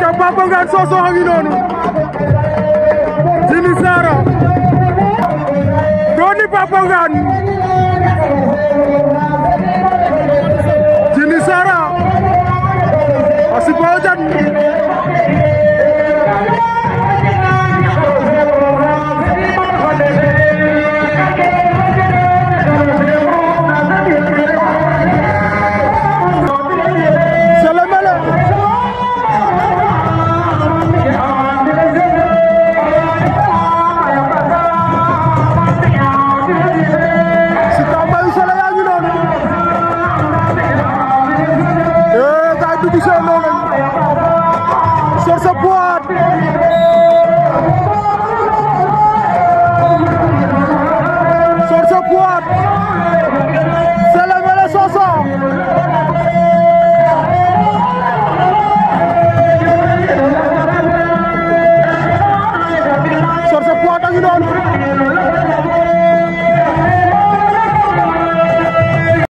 ka Papa Ngane Sokh noonu Jini Sara dooni sur sa boîte sur sa boîte c'est le Wele Sossokh sur sa boîte a ngi noonu